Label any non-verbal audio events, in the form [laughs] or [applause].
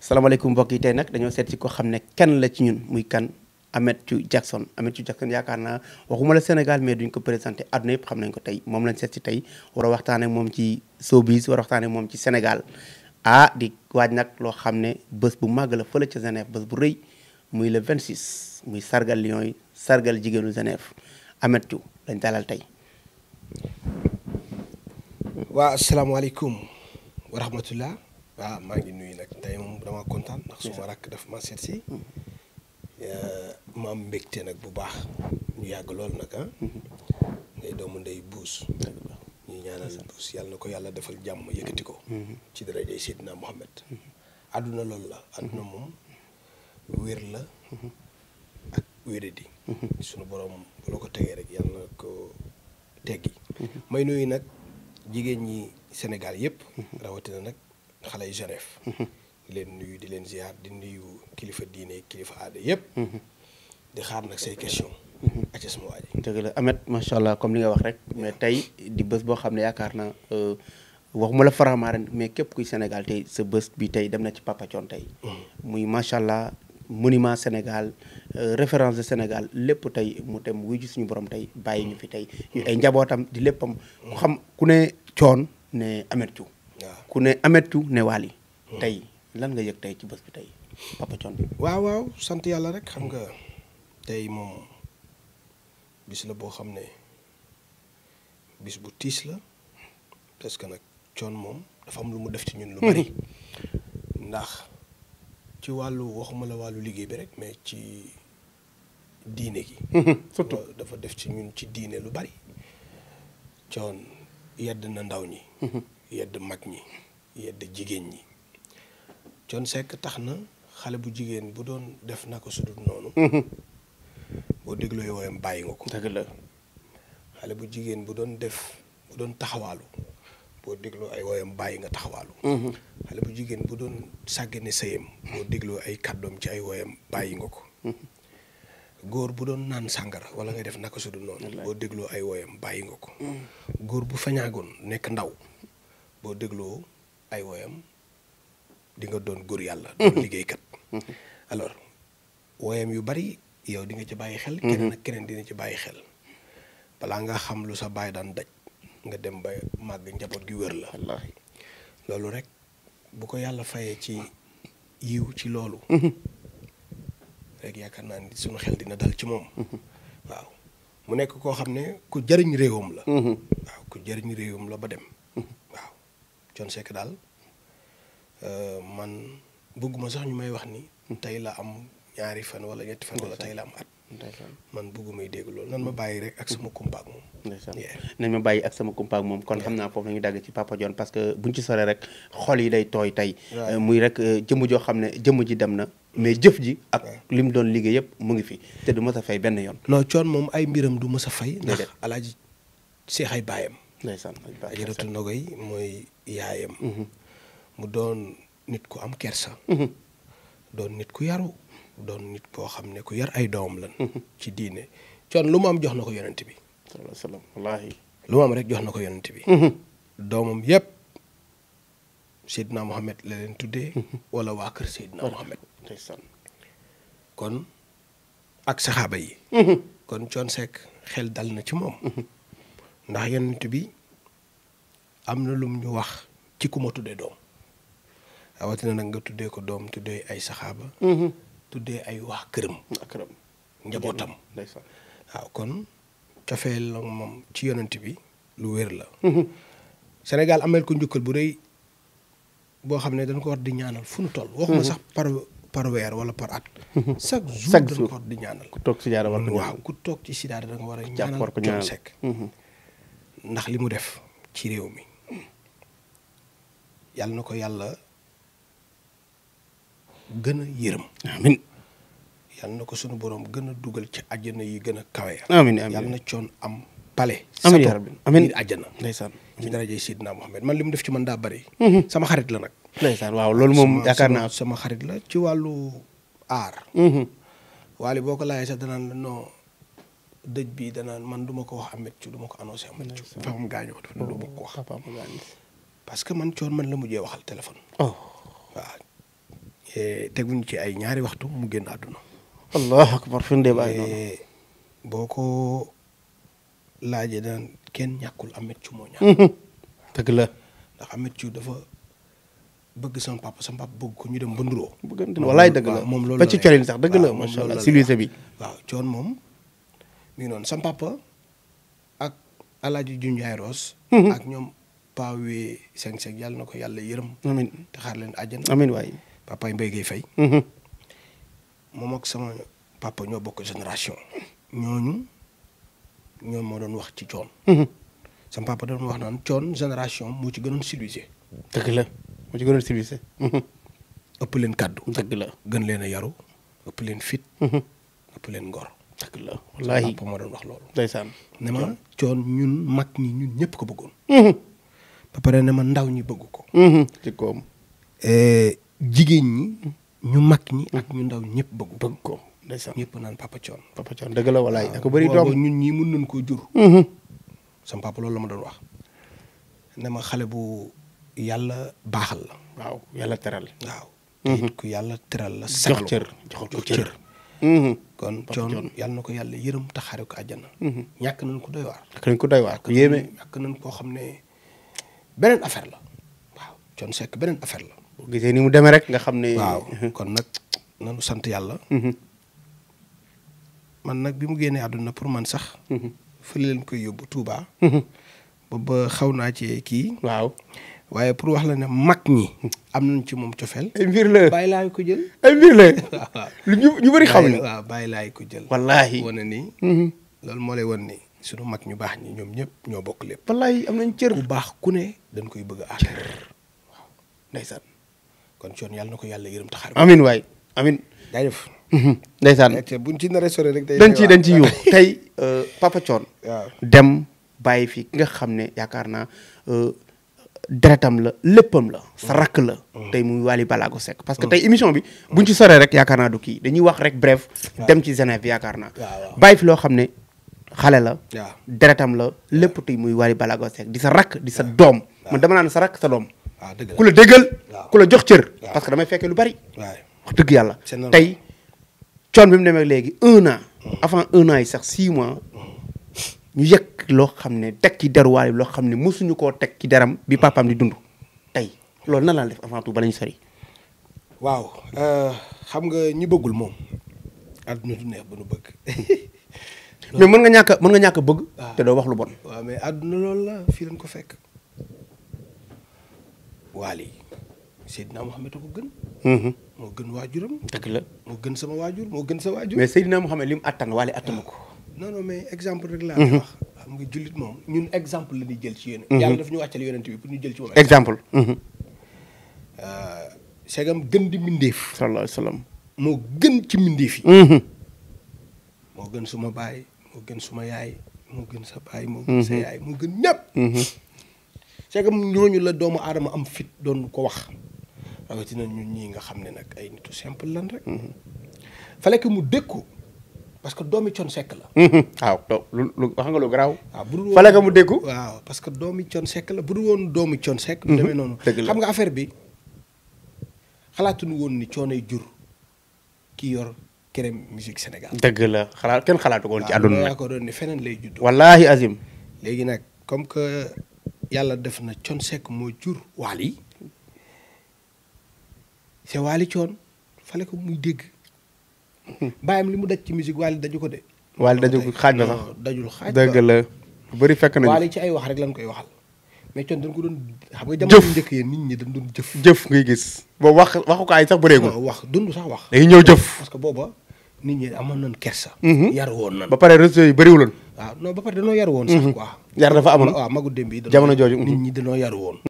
salaamaaleykum mbokk yi tey nag dañoo seet ci ko xam ne kenn la ci ñun muy kan Ameth Jackson Ameth Jackson yaakaar na waxuma la Sénégal mais duñ ko présenté àdduna yëpp xam nañ ko tey moom lañ seet ci tey war a waxtaan ak moom ci showbiz war a waxtaan ak moom ci Sénégal ah di waaj nag loo xam ne bés bu màgg la fële ca Genève bés bu rëy muy le 26 muy sargal Lions yi sargal jigéenu Genève Ameth lañ dalal tey. waa asalaamaaleykum wa rahmatullah waaw ah, maa ngi nuyu nag tey moom dama kontaan ndax suma rakk daf ma seet si hmm. eh, ma am mbégte nag bu baax ñu yàgg loolu nag ah hmm. ngay doomu ndey buus ñu ñaanal buus yàlla na ko yàlla defal jàmm yëkkati ko hmm. ci daraja Seydina Muhammad àdduna loolu la àdduna moom wér la ak wéradi sunu borom bu la ko tegee rek yàlla na ko teggi may nuyu nag jigéen ñi Sénégal yëpp rawatina nag xale yu Jeref. leen nuyu di leen ziar di nuyu kilifa diine kilifa aada yëpp. di xaar nag say question aca suma macha allah comme li nga wax rek mais tey di bés boo xam ne yaakaar na euh, waxuma la faramaaren mais képp kuy Sénégal tey sa bés bi tey dem na ci Papa Thione tey muy macha allah monument Sénégal euh, référence de Sénégal lépp tey mu dem wuyu ji suñu borom tey bàyyi ñu fi tey ñu ay njabootam di léppam mu xam ku ne Thione ne Ameth Thiou ku ne ametu ne waali hmm. tey lan nga yëg ci bés tey Papa Thione waaw waaw sant yàlla rek xam nga tey moom bis la boo xam ne bis bu tiis la parce que nag coon moom dafa am lu mu def ci ñun lu bari [laughs] ndax ci wàllu waxuma la wàllu liggéey bi rek mais ci diine gi [laughs] surtout dafa def ci ñun ci diine lu bari Thione yedd na ndaw ñi [laughs] yedd mag ñi yedd jigéen ñi Thione Seck tax na xale bu jigéen bu doon def na ko sudul noonu mhm. boo dégloo woyam bàyyi nga ko dëgg la bu jigéen bu doon def doon taxawaalu boo dégloo ay woyam bàyyi nga taxawaalu mhm. xale bu jigéen bu doon sàggane sëyam boo dégloo ay kàddoom ci ay woyam bàyyi nga ko mhm. góor bu doon naan sàngara wala nga def naka su dul noonu boo dégloo ay woyam bàyyi nga ko góor bu fañaagoon nekk ndaw boo dégloo ay woyam di nga doon góor yàlla. doon mhm. liggéeykat. Mhm. alors woyam yu bari yow di nga ci bàyyi xel. Mhm. keneen ak keneen dina ci bàyyi xel. balaa nga xam lu sa baay daan daj nga dem ba màgg njaboot gi wér la. loolu rek bu ko yàlla fayee ci yiw ci loolu. rek yaakaar naa ni suñu xel dina dal ci moom. waaw mu nekk koo xam ne ku jëriñ réewam la. waaw ku jëriñ réewam la ba dem. Thione Seck daal euh, man bëgguma sax ñu may wax ni tey la am ñaari fan wala ñetti fan wala tey la am at man bëggumay dégg loolu nan ma bàyyi rek ak sama mm-hmm. kumpa ak moom nañ ma bàyyi ak sama kumpa moom kon xam naa foofu la ñu dàgg ci Papa Thione parce que buñ ci sore rek xol yi day tooy tey euh, muy rek euh, jëmm joo xam ne jëmm ji dem na mais jëf ji ak li mu doon liggéey yëpp mu ngi fi te du mës a fay benn yoon loo Thione moom ay mbiram du mës a fay ndax alaaji seexay baayam ndeysaan ajaratu Ndogoy mooy yaayam mm-hmm. mu doon nit ku am kersa mm-hmm. doon nit ku yaru doon nit koo xam ne ku yar ay doomam lan mm-hmm. ci diine coon lu mu am jox na ko yonent bi sallallahu alayhi wa jox na ko yonent bi doomam yépp Seydina Mohamed la leen tuddee wala waa kër Seydina Mohamed ndeysaan kon ak saxaaba yi kon coon Seck xel dal na ci moom ndax yonent bi am na lum ñu wax ci ku ma tuddee doom rawatina nag nga tuddee ko doom tuddee ay saxaaba mm-hmm. tuddee ay wax këram këram njabootam waaw kon cofeel la moom ci yonent bi lu wér la mm-hmm. Sénégal amel ko njukkal bu rëy boo xam ne dañ ko war di ñaanal fu nu toll mm-hmm. waxuma sax par par weer wala par at chaque jour dañ ko war di ñaanal ku toog ci sidaara war ko ñaanal waaw ku toog ci sidaara da nga war a ñaanal Thione Seck ndax li mu def ci réew mi yàlla na ko yàlla gën a yërëm amin na ko sunu boroom gën dugal ci àjjana yi gën a kawe amin amin yàlla na coon am pale amin yaa rabbi amin biir àjjana ndeysaan ci darajay Seydina Mohamed man li mu def ci man daa bëri mhm. sama xarit la nag waaw loolu moom yaakaar naa sama xarit la ci wàllu aar mhm. waali boo ko laajee sax danaan non dëj bi danaan man duma ko wax Ameth Thiou du ma ko annoncé Ameth Thiou papam gaañoo dafa ne du parce que man coon man la mujjee waxal téléphone oh. waaw eh, teguñ ci ay ñaari waxtu mu génn àdduna allahu akbar fi ndee baay noonu eh, boo ko laajee daan kenn ñàkkul Ameth Thiou moo ñàkk [laughs] dëgg la ndax Ameth Thiou dafa bëgg sama papa sama papa bëgg ko ñu dem ba nduroo. bëggante walaay dëgg la moom loolu la ba ci colin sax dëgg la. macha allah si bi waaw coon moom. mi ngi noonu sam papa ak alaaji junjaay roos mhm. ak ñoom paawee seng seng yàlla na ko yàlla yërëm xaar leen àjjana amin waay papaay mbay gay fay mhm. moom ak sama papa ñoo bokk génération ñooñu ñoom moo doon wax ci coon mhm. sama papa doon wax naan coon génération moo ci gënoon civilisé dëgg la moo ci gënoon civilisé ëpp leen kàddu dëgg la gën leen a yaru ëpp leen fit ëpp leen ngor dëgg la wallaahi papa moo doon wax loolu. ndeysaan ne ma coon ñun mag ñi ñun ñëpp ko bëggoon. Mm-hmm. ba pare ne ma ndaw ñi bëgg ko. ci mm-hmm. koom. E, jigéen ñi ñu mag ñi ak ñu ndaw ñëpp bëgg ko. bëgg ko ndeysaan ñëpp naan papa coon. papa coon dëgg la wallaahi ak bëri doom ñun ñii mën nañ koo jur. Mm-hmm. sama papa loolu la ma doon wax. ne ma xale bu yàlla baaxal la. waaw yàlla teral. waaw. te it ku yàlla teral la. jox cër jox ko cër Mm-hmm. kon coon yàlla na ko yàlla yërëm taxaare ko àjjana mm-hmm. ñàkk nañ ko doy waar ñàkk nañ ko doy waar ku yéeme ñàkk nañ koo xam ne beneen affaire la waaw coon sekk beneen affaire la boo gisee ni mu demee rek nga xam ne waaw mm-hmm. kon nag nanu sant yàlla man nag bi mu génnee àdduna pour man sax fële leen koy yóbbu Touba. ba xaw naa ci kii waaye pour wax la ne mag ñi am nañ ci moom cofeel ay mbir la bàyyi ko jël ay [laughs] lu ñu ñu bëri xam ne waaw bàyyi laay ko jël wallaahi wane nii mm-hmm. loolu moo lay wan ni suñu mag ñu baax ñi ñoom ñëpp ñoo bokk lépp wallaahi am nañ cër bu baax ku ne dañ koy bëgg a aar waaw ndeysaan kon coon yàlla na ko yàlla yërëm taxaar amin waay amin day def mm-hmm. ndeysaan buñ ci naree sore rek dañ ci dañ ci yu [laughs] tey euh, papa coon dem bàyyi fi ki nga xam ne yaakaar naa euh, deretam la léppam la sa rakk la mm. tey muy Wally Ballago sekk parce que mm. tey émission bi mm. buñ ci soree rek yaakaar naa du kii dañuy wax rek bref dem ci Genève yaakaar naa bàyyi fi loo xam ne xale la deretam la lépp tey muy Wally Ballago Seck di sa rakk di sa doom man dama naan sa rakk sa doom ah, ku la déggal ku la jox cër parce que damay fekkee lu bari wax dëgg yàlla tey coon bi mu demee léegi un avant un yi sax six mois ñu yëg loo xam ne teg ci deruwaay loo xam ne mosuñu koo teg ci deram bi papaam di dund tey loolu na laa def avant tout bala ñu waaw euh, xam nga ñi bëggul moom àdduna du neex ba nu bëgg. [laughs] mais mën nga ñàkk mën nga ñàkk bëgg. Ah. te doo wax lu bon. mais àdduna lool la fii lañ ko fekk. waali Seydina Mohamed a ko gën. Mhm. moo gën waajuram. dëgg la moo gën sama waajur moo gën sa waajur. mais Seydina Mohamed li mu àttan waali attanu ko. non non mais exemple rek laa mhm. wax. xam nga jullit moom ñun exemple la ñuy jël ci yéen. Mhm. yàlla daf ñu wàccale yonent bi pour ñu jël ci moom exemple. segam mhm. euh, gën di mbindeef. sallallahu moo gën ci mbindeef yi. moo gën suma baay moo gën suma yaay moo gën sa baay moo gën sa yaay moo gën ñëpp. segam ñooñu la doomu aadama am fit doon ko wax ti na ñun ñii nga xam ne nag ay nitu simple lan rek. fallait que mu dékku parce que doomi Thione Seck la. waaw mhm. ah, lu lu wax nga lu garaaw. waaw ah, bu dul woon fale ko mu déggu. waaw parce que doomi Thione Seck la bu dul woon doomi Thione Seck. du mhm. demee noonu xam nga affaire bi xalaatuñu woon ni coonay jur ki yor Keur Musique Sénégal. dëgg la xalaat kenn xalaatu ko ci àdduna nag ko feneen lay judd. wallaahi azim. léegi nag comme que yàlla def na Thione Seck moo jur Wally c'est Wally Thione fale ko muy dégg. bàyyam li mu daj ci musique Wally daju ko de. Wally daju ko xaaj na sax dajul xaaj dëgg la bu bëri fekk nañu ci ay wax rek lañ koy waxal. mais coono ko doon xam nga jamono yu njëkk yi nit ñi dañ doon jëf. jëf ngay gis boobu wax waxukaay sax bëreegul. wax dund sax wax. dañuy ñëw jëf parce que booba nit ñi amoon nañ kersa. Mhm. yar woon nañ. ba pare réseaux yi bëriwuloon. waaw ah, non ba pare dañoo yar woon. sax mhm. quoi. yar dafa amoon waaw ah, magu démb yi. jamono jooju nit mhm. ñi dañoo yar woon.